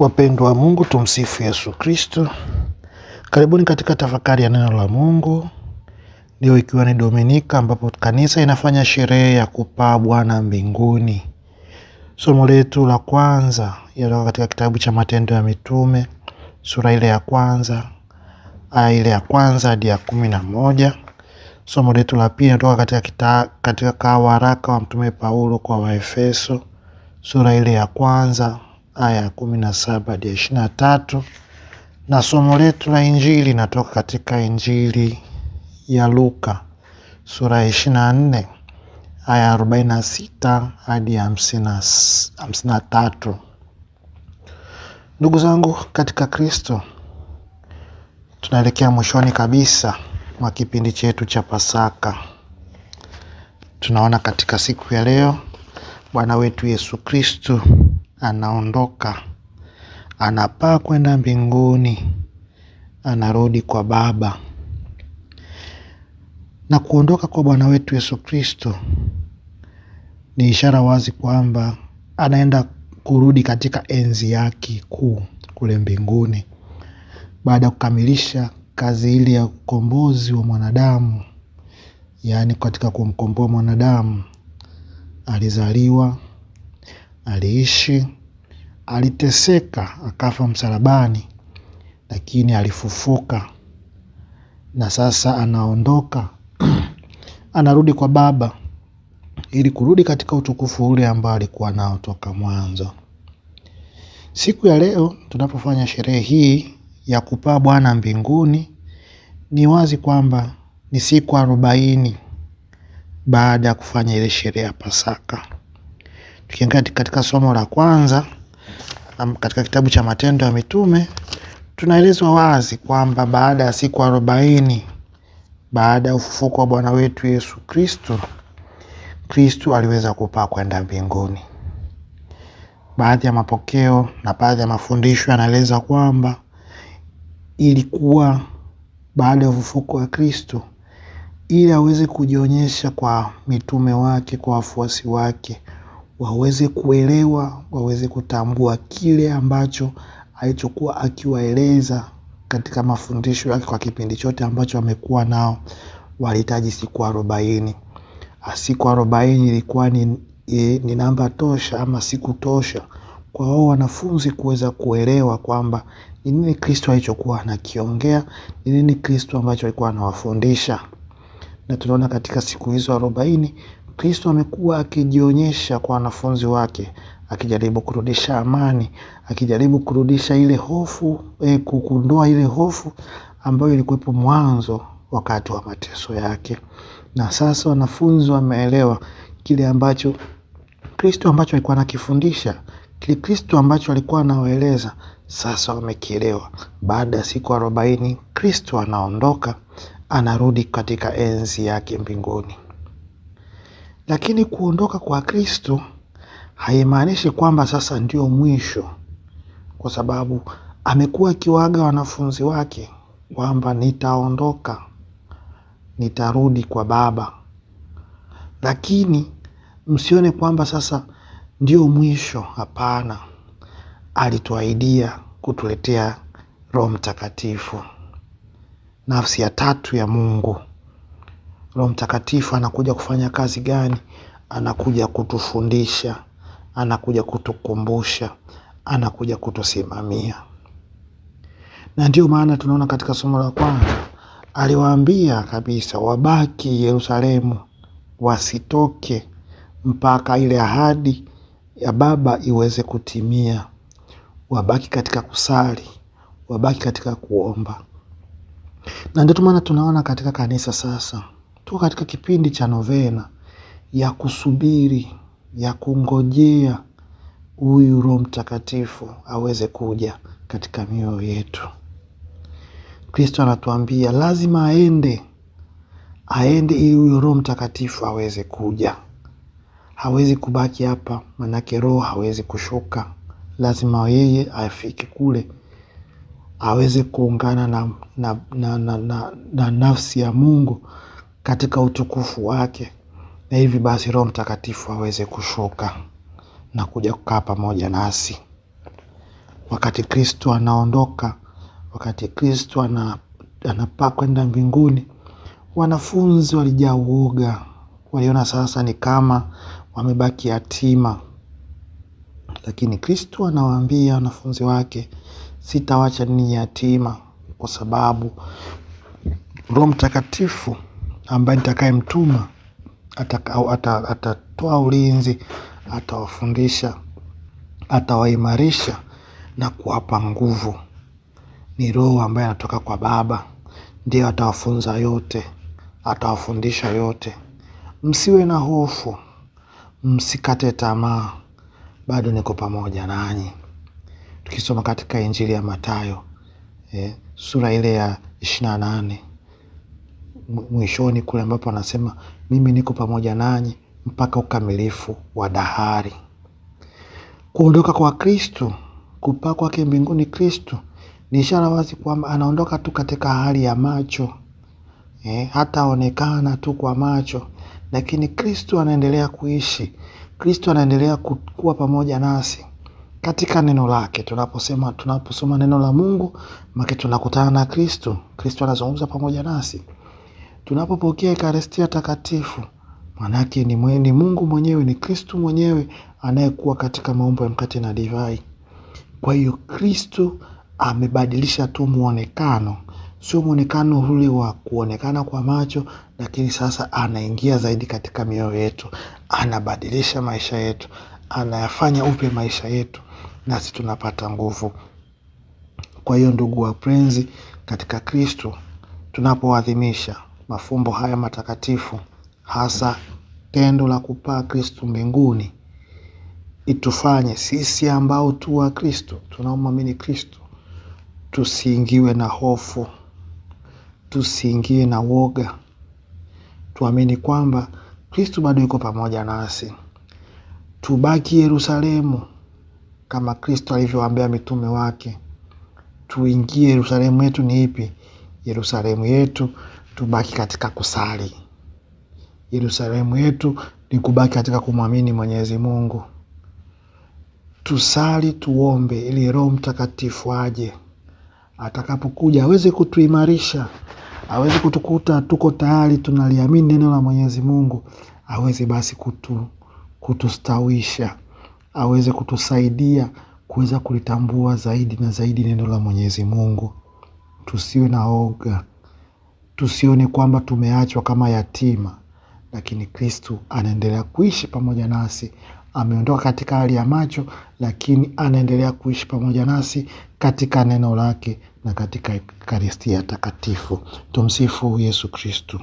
Wapendwa wa Mungu, tumsifu Yesu Kristo. Karibuni katika tafakari ya neno la Mungu, leo ikiwa ni Dominika ambapo kanisa inafanya sherehe ya kupaa Bwana mbinguni. Somo letu la kwanza yatoka katika kitabu cha Matendo ya Mitume sura ile ya kwanza aya ile ya kwanza hadi ya kumi na moja. Somo letu la pili inatoka katika, kita, katika waraka wa Mtume Paulo kwa Waefeso sura ile ya kwanza aya ya kumi na saba hadi ya ishirini na tatu na somo letu la Injili natoka katika Injili ya Luka sura ya ishirini na nne aya ya arobaini na sita hadi ya hamsini na tatu. Ndugu zangu katika Kristo, tunaelekea mwishoni kabisa mwa kipindi chetu cha Pasaka. Tunaona katika siku ya leo Bwana wetu Yesu Kristu anaondoka, anapaa kwenda mbinguni, anarudi kwa Baba. Na kuondoka kwa Bwana wetu Yesu Kristo ni ishara wazi kwamba anaenda kurudi katika enzi yake kuu kule mbinguni, baada ya kukamilisha kazi ile ya ukombozi wa mwanadamu. Yaani, katika kumkomboa mwanadamu, alizaliwa, aliishi, aliteseka akafa msalabani, lakini alifufuka na sasa anaondoka anarudi kwa Baba ili kurudi katika utukufu ule ambao alikuwa nao toka mwanzo. Siku ya leo tunapofanya sherehe hii ya kupaa Bwana mbinguni, ni wazi kwamba ni siku arobaini baada ya kufanya ile sherehe ya Pasaka. Tukiangalia katika somo la kwanza katika kitabu cha Matendo ya Mitume tunaelezwa wazi kwamba baada ya siku arobaini baada ya ufufuko wa Bwana wetu Yesu Kristo, Kristo aliweza kupaa kwenda mbinguni. Baadhi ya mapokeo na baadhi ya mafundisho yanaeleza kwamba ilikuwa baada ya ufufuko wa Kristo ili aweze kujionyesha kwa mitume wake, kwa wafuasi wake waweze kuelewa, waweze kutambua kile ambacho alichokuwa akiwaeleza katika mafundisho yake kwa kipindi chote ambacho amekuwa nao. Walihitaji siku arobaini. Ah, siku arobaini ilikuwa ni, ni namba tosha ama siku tosha kwa wao wanafunzi kuweza kuelewa kwamba ni nini Kristo alichokuwa anakiongea, ni nini Kristo ambacho alikuwa anawafundisha. Na tunaona katika siku hizo arobaini Kristo amekuwa akijionyesha kwa wanafunzi wake, akijaribu kurudisha amani, akijaribu kurudisha ile hofu e, eh, kukundoa ile hofu ambayo ilikuwepo mwanzo wakati wa mateso yake. Na sasa wanafunzi wameelewa kile ambacho Kristo ambacho alikuwa anakifundisha, kile Kristo ambacho alikuwa anawaeleza, sasa wamekielewa. Baada ya siku arobaini Kristo anaondoka, anarudi katika enzi yake mbinguni. Lakini kuondoka kwa Kristo haimaanishi kwamba sasa ndio mwisho, kwa sababu amekuwa akiwaaga wanafunzi wake kwamba nitaondoka, nitarudi kwa Baba, lakini msione kwamba sasa ndio mwisho. Hapana, alituahidia kutuletea Roho Mtakatifu, nafsi ya tatu ya Mungu. Roho Mtakatifu anakuja kufanya kazi gani? Anakuja kutufundisha, anakuja kutukumbusha, anakuja kutusimamia. Na ndiyo maana tunaona katika somo la kwanza aliwaambia kabisa wabaki Yerusalemu, wasitoke mpaka ile ahadi ya Baba iweze kutimia. Wabaki katika kusali, wabaki katika kuomba, na ndio maana tunaona katika kanisa sasa tuko katika kipindi cha novena ya kusubiri, ya kungojea huyu Roho Mtakatifu aweze kuja katika mioyo yetu. Kristo anatuambia lazima aende, aende ili huyu Roho Mtakatifu aweze kuja. Hawezi kubaki hapa, manake Roho hawezi kushuka, lazima yeye afike kule aweze kuungana na, na, na, na, na, na nafsi ya Mungu katika utukufu wake, na hivi basi Roho Mtakatifu aweze kushuka na kuja kukaa pamoja nasi wakati Kristo anaondoka, wakati Kristo anapaa kwenda mbinguni. Wanafunzi walijaa uoga, waliona sasa ni kama wamebaki yatima, lakini Kristo anawaambia wanafunzi wake, sitawacha ninyi yatima, kwa sababu Roho Mtakatifu ambaye nitakayemtuma atatoa ulinzi, atawafundisha, atawaimarisha na kuwapa nguvu. Ni Roho ambaye anatoka kwa Baba, ndiyo atawafunza yote, atawafundisha yote. Msiwe na hofu, msikate tamaa, bado niko pamoja nanyi. Tukisoma katika Injili ya Mathayo eh, sura ile ya ishirini na nane mwishoni kule ambapo anasema mimi niko pamoja nanyi mpaka ukamilifu wa dahari. Kuondoka kwa Kristo, kupaa kwake mbinguni Kristo ni ishara wazi kwamba anaondoka tu katika hali ya macho eh, hataonekana tu kwa macho, lakini Kristo anaendelea kuishi. Kristo anaendelea kuwa pamoja nasi katika neno lake. Tunaposema tunaposoma neno la Mungu, make tunakutana na Kristo. Kristo anazungumza pamoja nasi. Tunapopokea Ekaristia Takatifu, manake ni Mungu mwenyewe, ni Kristu mwenyewe anayekuwa katika maumbo ya mkate na divai. Kwa hiyo Kristu amebadilisha tu mwonekano, sio mwonekano ule wa kuonekana kwa macho, lakini sasa anaingia zaidi katika mioyo yetu, anabadilisha maisha yetu, anayafanya upya maisha yetu, nasi tunapata nguvu. Kwa hiyo ndugu wapenzi, katika Kristu tunapoadhimisha mafumbo haya matakatifu, hasa tendo la kupaa Kristu mbinguni, itufanye sisi ambao tu wa Kristo tunaomwamini Kristo tusiingiwe na hofu, tusiingiwe na woga, tuamini kwamba Kristu bado yuko pamoja nasi. Tubaki Yerusalemu kama Kristo alivyowaambia mitume wake, tuingie Yerusalemu. Yetu ni ipi? Yerusalemu yetu tubaki katika kusali. Yerusalemu yetu ni kubaki katika kumwamini Mwenyezi Mungu. Tusali, tuombe ili Roho Mtakatifu aje. Atakapokuja aweze kutuimarisha, aweze kutukuta tuko tayari, tunaliamini neno la Mwenyezi Mungu, aweze basi kutu, kutustawisha, aweze kutusaidia kuweza kulitambua zaidi na zaidi neno la Mwenyezi Mungu. Tusiwe na oga tusione kwamba tumeachwa kama yatima, lakini Kristu anaendelea kuishi pamoja nasi. Ameondoka katika hali ya macho, lakini anaendelea kuishi pamoja nasi katika neno lake na katika Ekaristia Takatifu. Tumsifu Yesu Kristu.